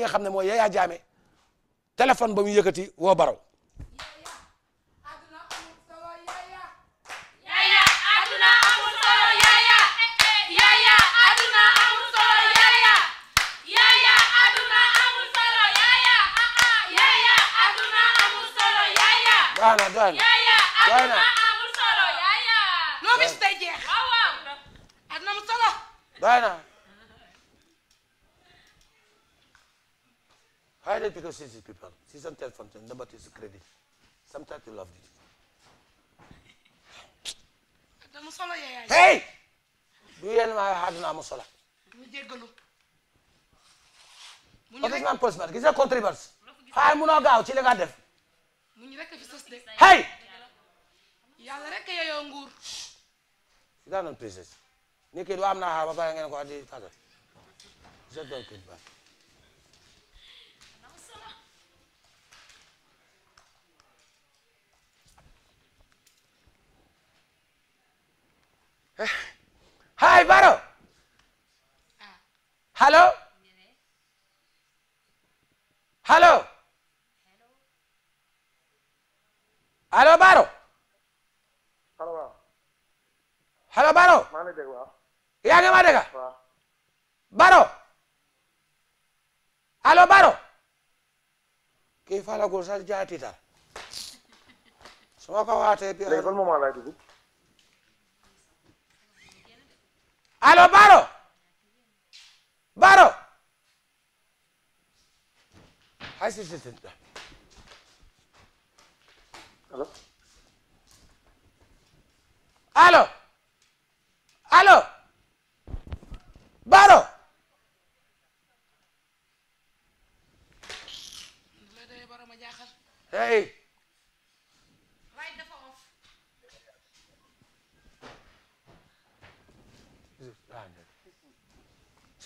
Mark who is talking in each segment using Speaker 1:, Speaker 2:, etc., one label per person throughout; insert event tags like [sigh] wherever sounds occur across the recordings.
Speaker 1: ki nga ne mooy Yaya Jammeh téléphone ba mu yëkkati woo Barrow doy na doy na doy na loo bis day jeex. doy na. I like to see these people. See some telephone, number to credit. Sometimes you love it. Hey! Do you know my heart now, Musola? Office man postman, gis nga contributors. Xaar gaaw ci nga def. Hey! Yàlla rek yeyoo nguur. Si daa noon princesse. Ni kii am naa xaar ba pare ngeen ko addi tàggat. Je donne kii baax. hai Baro hello hello hello Baro hello Baro yaa ngi ma dégg Baro hello Baro kii fala gosal jaati ta soo ko waatee bi léegi ban moment laay dugg allo Baro Baro allo allo allo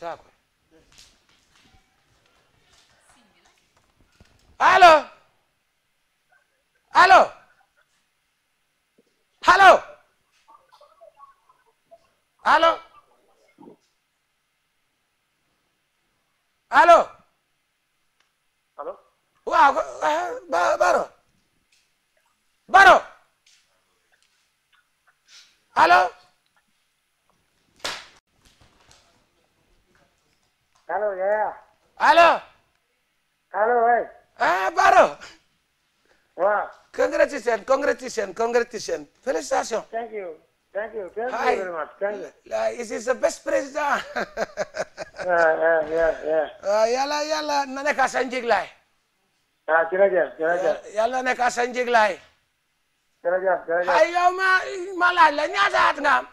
Speaker 1: saako allo allo allo alo allo. allo. waaw Baro Baro allo. allo yaya allo allo way ah Baro waaw congratulation congratulation congratulation félicitation thank you thank you thank Hi. you very much thank you this is the best president waaw yàlla yàlla na nekk a sa njiglaay ah jërëjëf jërëjëf yàlla na nekk a sa njiglaay jërëjëf jërëjëf ay yow ma ma laaj la ñaata at nga am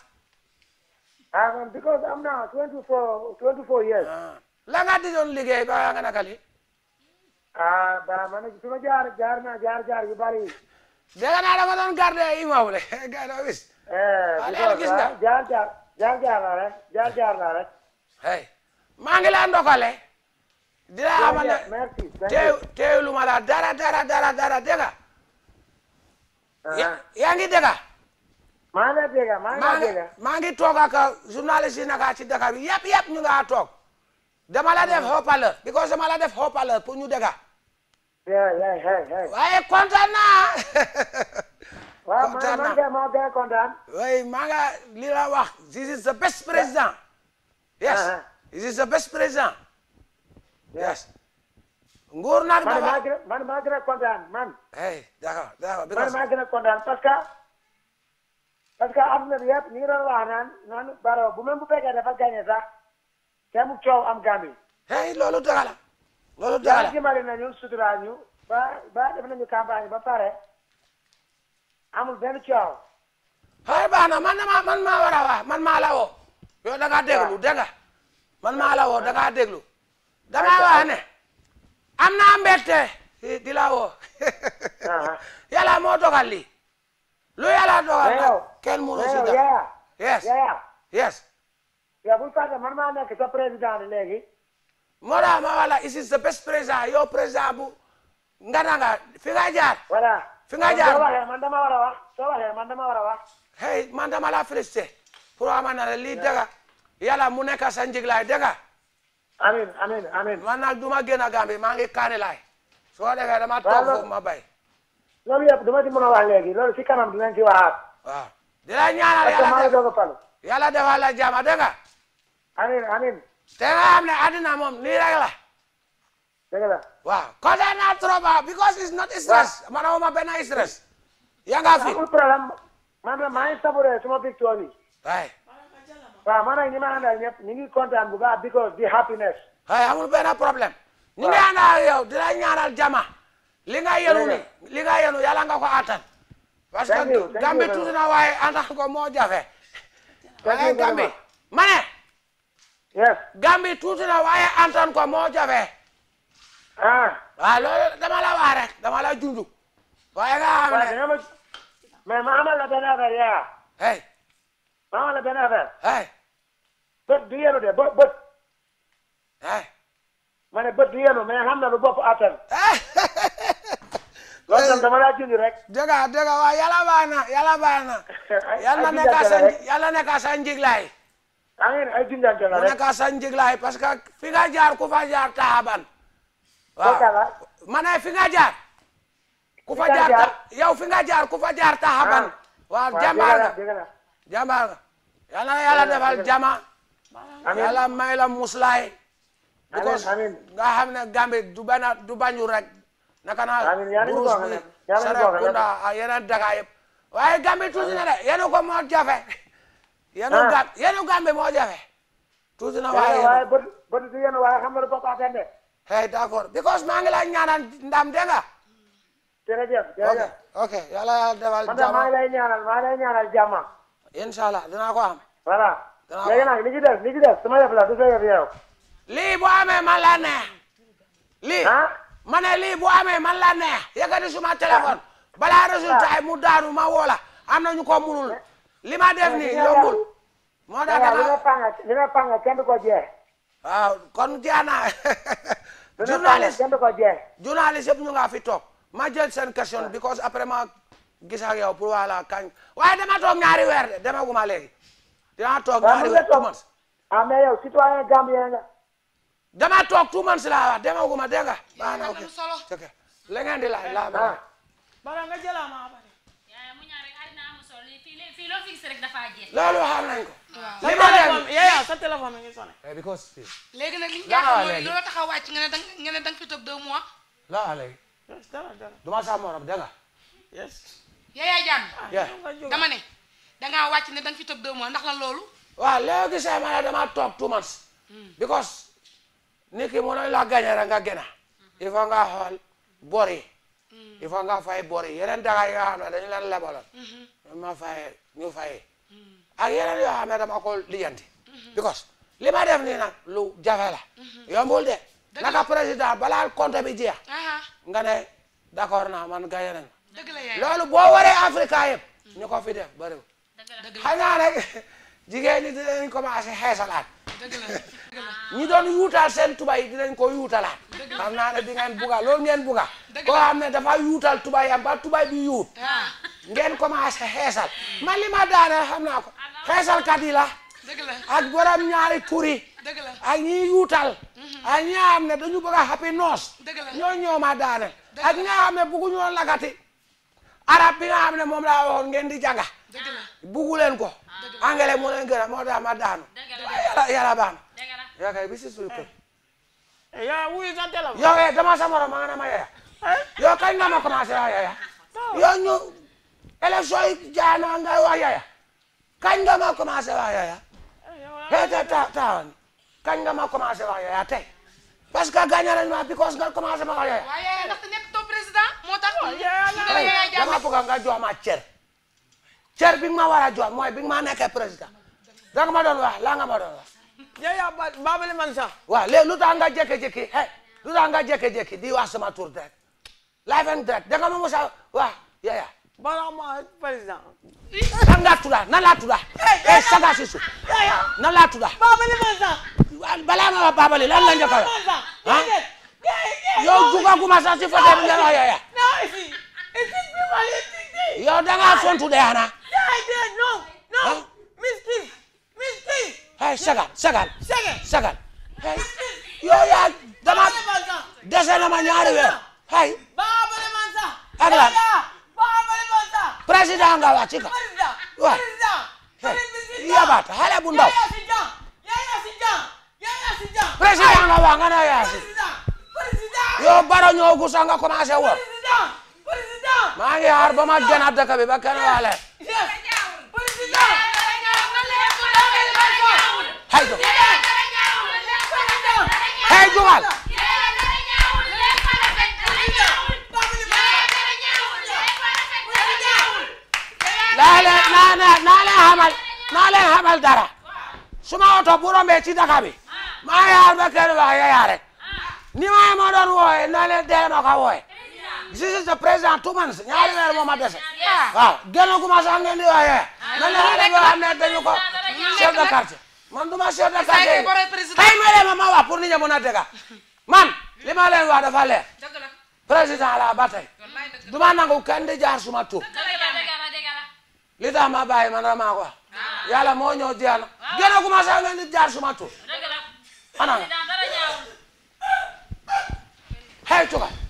Speaker 1: ah, because am na 24 24 years ah. la nga di doon liggéey ba yaa nga nakali ah ba man su ma jaar jaar naa jaar jaar yu bari dégg naa dama doon garde immeuble garde wis aleel gis nga jaar jaar jaar jaar naa rek jaar jaar naa rek hey maa ngi laa ndokale di la amal teew teewlu ma la dara dara dara dara dégg nga ah. yaa ngi dégg maa ngi dégg maa ngi dégg maa ngi toog ak journaliste yi naka ci Dakar yëpp yëpp ñu nga toog dama la def haut because dama la def haut-parleur pour ñu dégga waaye kontaan naa [laughs] waaw man wax. this is the best président. yes this is the best président. yes. nguur nag dafa man man hey d'accord d'accord. man maa a kontaan parce que. parce que am na yëpp ñu naan naan bu même bu fekkee dafa gagné te mu coow am Gambie. loolu dara loolu dara la yàlla ba ba def benn coow. xëy baax man maa man maa a waa man maa la woo. yow da ngaa déglu man maa la woo da ngaa déglu. da ngaa wax am naa mbette di la woo. Ah. [laughs] yàlla moo dogal lii. lu yàlla dogal nag kenn mënu si dara yes yow bul fàtte man maa nekk sa léegi. moo tax ma wala ici sa bés président yow président bu nga na nga fi nga jaar. voilà nga jaar soo waxee ma dama war a wax soo waxee man dama war a wax. hey pour ama na lii dëgg yàlla mu nekk sa njiglaay dëgg. amin amin amin man nag du ma génn Gambie maa ngi kaane laay. soo dëggee dama toog foofu ma bay. loolu yëpp du di la ñaanal yàlla. parce la jàmm dëgg. amiin amiin te ne àddina moom lii rek la. dëgg la trop ah because it's not stress. waaw man ma benn stress. yaa ngi amul problème man de maa ngi ñu ngi kontaan bu baax because yow di ñaanal jama. li nga yenu li nga yenu yàlla ko attan.
Speaker 2: parce que Gambie tuuti na waaye antax
Speaker 1: ko moo jafe. waaye Gambie ma ne. yes. Gambie tuuti na waaye antan ko moo jafe. ah. waaw loolu dama la wax dama la junj. waaye nga xam ne ma amal la benn affaire yaa. hey. ma amal la benn affaire. hey. bët du de bët bët. hey. ma ne bët du yenu mais xam na lu bopp [laughs] loolu dama laa junj rek. dëgg la dëgg la waaw yàlla baax na yàlla baax na. [laughs] daa ngeen ay junjante parce que fi jaar ku fa jaar taxaban. waaw ma ne fi nga jaar. ku jaar ta yow fi nga jaar ku fa jaar taxaban. Ah. defal jama. amiin yàlla may la muslaay. because nga xam ne Gambie du bana du bañu rek. naka naa Bruce bi Serekunda ak yeneen daga yëpp. waaye Gambie tuuti na de yéen ko moo jafe. yenu ah. gàm yenu moo jafe. tuuti na eh, waaye xam nga lu bokk atende. hey eh, d'accord because maa ngi lay ñaanal ndam dégg nga. jërëjëf jërëjëf ok yàlla ko am. lii bu amee man la neex. lii ah? ma ne lii bu amee man la neex yëkkati suma téléphone. Ah. balaa résultat yi mu daanu ma woo la am na ñu ko li ma def nii yombul. moo tax dana li ma panga kenn du ko jeex. waaw kon jeex naa. [laughs] journaliste kenn du ko jeex. journaliste yëpp ñu nga fi toog ma jël sen question because après ma gis ak yow pour wala kañ waaye dama toog ñaari weer de dama guma léegi. dinaa toog ñaari weer two months. ah mais yow citoyen gambien nga. dama toog months laa wax dama guma dégg nga. baax na la ah. ma loo fi gis rek dafa jeex. loolu xam nañ ko. li ma dem yaa sa téléphone mi ngi eh, because léegi nag li ñu jaaxal mooy loolu tax a wàcc nga ne da nga ne da nga fi toog deux mois. laa léegi. dara dara du ma saa ah, ne da wàcc ne da fi toog deux mois ndax lan loolu. waaw léegi gisee ma ne dama toog two months. Hmm. because nit ki mënoo la gagné rek nga gëna. Hmm. il faut nga xool bor yi. Hmm. il nga fay bor yeneen daga yi xam ne dañu leen lebaloon. ma fayee ñu fayee ak yeneen yo xam ne dama ko lijanti because li ma def nii nag lu jafe la yombul de naka président balaa compte bi jeex nga ne d'accord naa man gaye nañ loolu boo waree africa yëpp ñu ko fi def bariwul xanaa rek [laughs] jigéen ñi dinañ commencé xeesalaat ñi doon yuutal seen tubay dinañ ko yuutalaat xam naa ne di ngeen buga loolu ngeen buga koo xam ne dafa yuutal tubay am ba tubay bi yuut ah. ngeen commencé xeesal man li ma ko xeesalkat yi la ak borom ñaari kuri ak ñi yuutal mhm. ak ñi xam ne dañu bëgg a xapi noos ñoo ñoo ma daaneel ak ñi xam ne buggu ñoo lagati arab bi am ne moom la waxoon ngeen di janga buggu leen ko anglais moo leen gën a moo tax ma daanu yàlla yàlla baax na eh, eh, eh, ma nga ne ma yaya yow ñu élection yi jaana ngay wax yaya kañ nga ma commencé wax yaya te eh, te ta ma because nga commencé ma wax yaya. waaye yaya oh, nga jox cer. cer bi nga ma war a jox mooy ma nekkee président danga ma doon wax la nga ma doon wax. yaya lu tax nga jékki-jékki hey lu tax nga jékki-jékki di wax sama tur direct live and direct danga ma mos wax yaya. Balama président. nan laa tudda nan laa tudda. eh Saga Cissé. nan laa tudda. Babali président. balaa ma wax Babali lan la njëkk a wax. ah yow jugaguma sax si foto bi nga wax yooya. yow da ngaa fontu de xanaa. Ah? non eh, non. mystique mystique. hey Sagal Sagal. Sagal. hey eh, yow yaa dama dese na ma ñaari weer. hey. Eh. Babali man sax. ak lan. président nga wax ci ka baro ñoo gusa nga commencé wor maa ngi xaar ba ma gën a bi ba kenn waale hay jugal naa leen naa leen naa leen xamal naa dara suma oto bu rombee ci daka bi maa yaar ba kenn wax yayaa ni ma ma doon wooye naa leen dee ma ko wooye this is the president two months ñaari weer moo ma dese waaw génn gu ma sax ngeen di wax na leen xale yoo xam ne dañu ko chef de quartier man du ma de quartier xëy ma leen ma ma wax pour nit ñi mën a dégg man li ma leen wax dafa leer président la ba tey du nangu kenn jaar suma tur li tax ma bàyyi maa ko wax ah. yàlla moo ñëw jeex na ah. gën a commencé jaar suma tur ana nga xëy